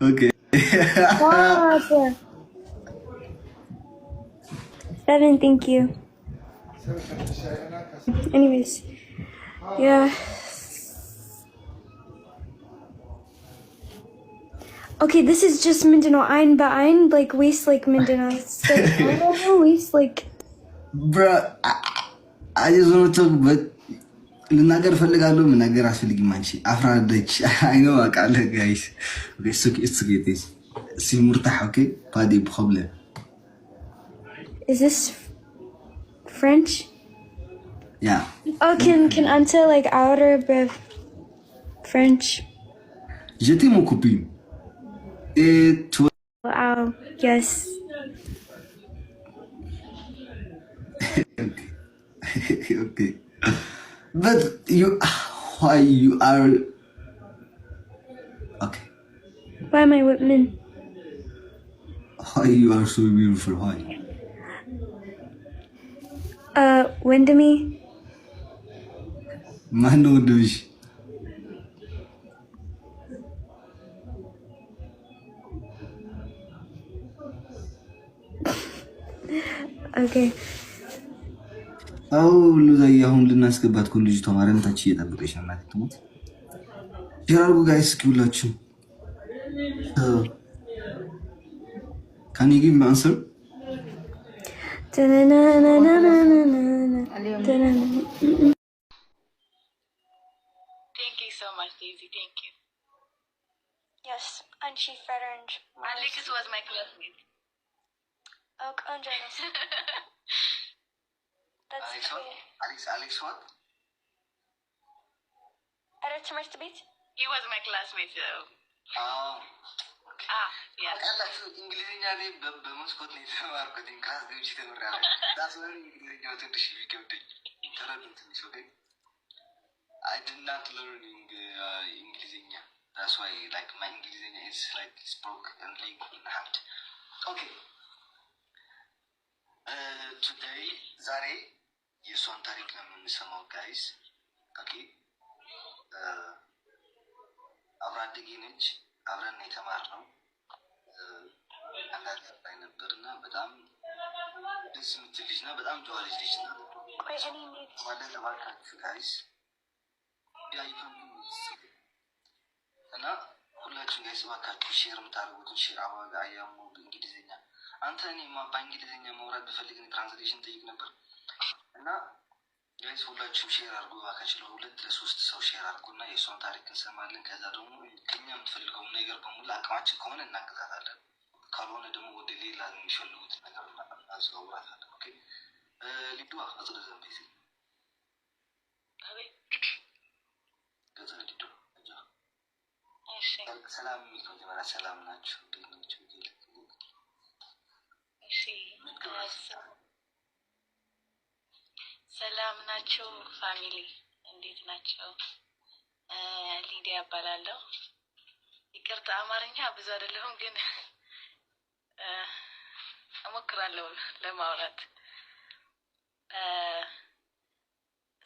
okay. What? Seven, thank you. Anyways, yeah. Okay, this is just Mindanao. Ein bei ein, like, waste like Mindanao. It's like, I don't know, waste like. Bruh, I, I just want to talk, but ልናገር ፈልጋለሁ። ምናገር አስፈልግም። አንቺ አፍራደች አይኖ አቃለ ጋይስ ሙርታሕ ኦኬ ባዲ ብኸብለ Is this French? Yeah. Oh, can can you like outer brev French? Je mon copain. Et toi? Yes. okay. okay. But you, why you are? Okay. Why am I Whitman? Why you are so beautiful? Why? Uh, Windemy. Manu douche. okay. አው ሉዛ አሁን ልናስገባት እኮ ልጅቷ ማርያም ታች እየጠበቀች ነው። እናቴ ትሞት ጀራሩ ጋር እስኪውላችሁ ጊቭ ሚ That's Alex what? Alex, Alex what? Era to beat? He was my classmate though. Oh. Ah, yeah. I did not learn uh, English. That's why like my English is like spoke and like in hand. Okay. Uh, today, Zare የእሷን ታሪክ ነው የምንሰማው። ጋይስ ኦኬ፣ አብራ አደጌ ነች። አብረን የተማርነው አጋገር ነበር እና በጣም ደስ የምትል ልጅ እና በጣም ጨዋ ልጅ ልጅ ና ማለ ጋይስ እና ሁላችሁን ጋይስ ባካችሁ ሼር የምታደርጉትን ሼር አባ አያሙ በእንግሊዝኛ አንተ እኔ በእንግሊዝኛ መውራት ብፈልግ ትራንስሌሽን ጠይቅ ነበር እና ጋይስ ሁላችሁም ሼር አድርጉ እባካችሁ፣ ለሁለት ለሶስት ሰው ሼር አድርጉና የእሷን ታሪክ እንሰማለን። ከዛ ደግሞ ከኛ የምትፈልገውን ነገር በሙሉ አቅማችን ከሆነ እናግዛታለን፣ ካልሆነ ደግሞ ወደ ሌላ የሚፈልጉት ነገር እናዘውራታለን። ኦኬ ሊዱ አጽደ ዘንቤት ገዛ ሊዱ ሰላም የሚል መጀመሪያ ሰላም ናቸው ናቸው ሰላም ናቸው ፋሚሊ፣ እንዴት ናቸው? ሊዲያ እባላለሁ። ይቅርታ አማርኛ ብዙ አይደለሁም፣ ግን እሞክራለሁ ለማውራት።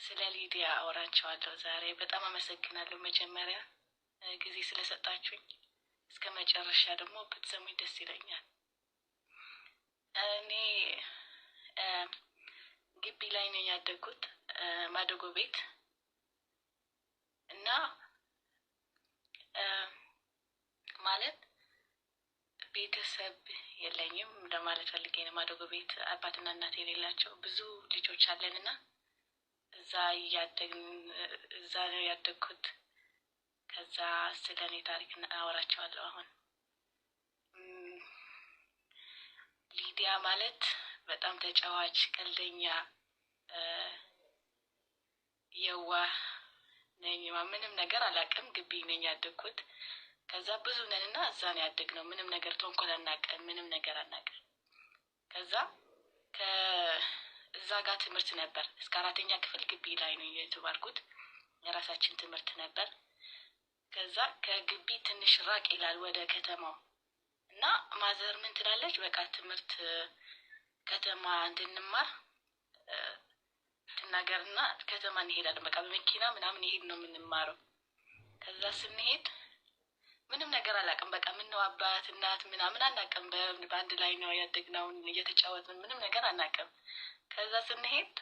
ስለ ሊዲያ አወራቸዋለሁ ዛሬ። በጣም አመሰግናለሁ መጀመሪያ ጊዜ ስለሰጣችሁኝ። እስከ መጨረሻ ደግሞ ብትሰሙኝ ደስ ይለኛል እኔ ላይ ነው ያደግኩት ማደጎ ቤት እና ማለት ቤተሰብ የለኝም ለማለት ፈልጌ ነው። ማደጎ ቤት አባትና እናት የሌላቸው ብዙ ልጆች አለን እና እዛ እያደግን እዛ ነው ያደግኩት። ከዛ ስለ እኔ ታሪክ አወራቸዋለሁ። አሁን ሊዲያ ማለት በጣም ተጫዋች፣ ቀልደኛ የዋህ ነኝማ ምንም ነገር አላውቅም። ግቢ ነኝ ያደግኩት። ከዛ ብዙ ነን እና እዛ ነው ያደግነው። ምንም ነገር ተንኮል አናውቅም። ምንም ነገር አናውቅም። ከዛ ከእዛ ጋር ትምህርት ነበር እስከ አራተኛ ክፍል ግቢ ላይ ነው የተማርኩት። የራሳችን ትምህርት ነበር። ከዛ ከግቢ ትንሽ ራቅ ይላል ወደ ከተማው እና ማዘር ምን ትላለች፣ በቃ ትምህርት ከተማ እንድንማር መናገር እና ከተማ እንሄዳለን። በቃ በመኪና ምናምን ይሄድ ነው የምንማረው። ከዛ ስንሄድ ምንም ነገር አላውቅም። በቃ ምነው አባት እናት ምናምን አናውቅም። በአንድ ላይ ነው ያደግነውን እየተጫወትን ምንም ነገር አናውቅም። ከዛ ስንሄድ